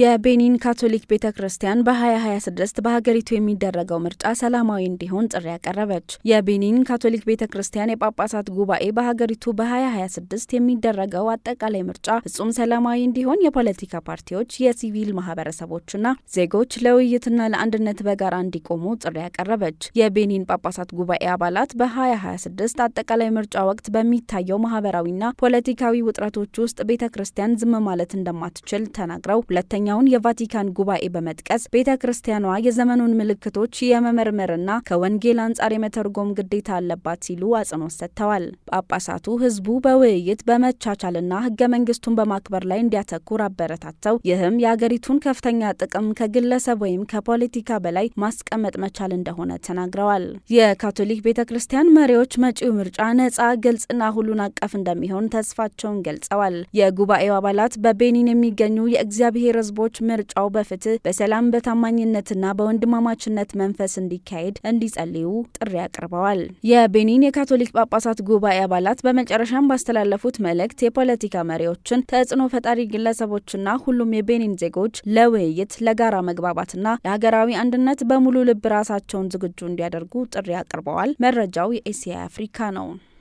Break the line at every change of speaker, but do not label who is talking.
የቤኒን ካቶሊክ ቤተ ክርስቲያን በ2026 በሀገሪቱ የሚደረገው ምርጫ ሰላማዊ እንዲሆን ጥሪ ያቀረበች። የቤኒን ካቶሊክ ቤተ ክርስቲያን የጳጳሳት ጉባኤ በሀገሪቱ በ2026 የሚደረገው አጠቃላይ ምርጫ ፍጹም ሰላማዊ እንዲሆን የፖለቲካ ፓርቲዎች፣ የሲቪል ማህበረሰቦችና ዜጎች ለውይይትና ለአንድነት በጋራ እንዲቆሙ ጥሪ ያቀረበች። የቤኒን ጳጳሳት ጉባኤ አባላት በ2026 አጠቃላይ ምርጫ ወቅት በሚታየው ማህበራዊና ፖለቲካዊ ውጥረቶች ውስጥ ቤተ ክርስቲያን ዝም ማለት እንደማትችል ተናግረው ሁለተኛ ሁለተኛውን የቫቲካን ጉባኤ በመጥቀስ ቤተ ክርስቲያኗ የዘመኑን ምልክቶች የመመርመርና ከወንጌል አንጻር የመተርጎም ግዴታ አለባት ሲሉ አጽንኦት ሰጥተዋል። ጳጳሳቱ ህዝቡ በውይይት በመቻቻልና ህገ መንግስቱን በማክበር ላይ እንዲያተኩር አበረታተው ይህም የአገሪቱን ከፍተኛ ጥቅም ከግለሰብ ወይም ከፖለቲካ በላይ ማስቀመጥ መቻል እንደሆነ ተናግረዋል። የካቶሊክ ቤተ ክርስቲያን መሪዎች መጪው ምርጫ ነጻ፣ ግልጽና ሁሉን አቀፍ እንደሚሆን ተስፋቸውን ገልጸዋል። የጉባኤው አባላት በቤኒን የሚገኙ የእግዚአብሔር ህዝቦች ምርጫው በፍትህ በሰላም በታማኝነትና በወንድማማችነት መንፈስ እንዲካሄድ እንዲጸልዩ ጥሪ አቅርበዋል። የቤኒን የካቶሊክ ጳጳሳት ጉባኤ አባላት በመጨረሻም ባስተላለፉት መልእክት የፖለቲካ መሪዎችን፣ ተጽዕኖ ፈጣሪ ግለሰቦችና ሁሉም የቤኒን ዜጎች ለውይይት ለጋራ መግባባትና ለሀገራዊ አንድነት በሙሉ ልብ ራሳቸውን ዝግጁ እንዲያደርጉ ጥሪ አቅርበዋል። መረጃው የኤሲያ አፍሪካ ነው።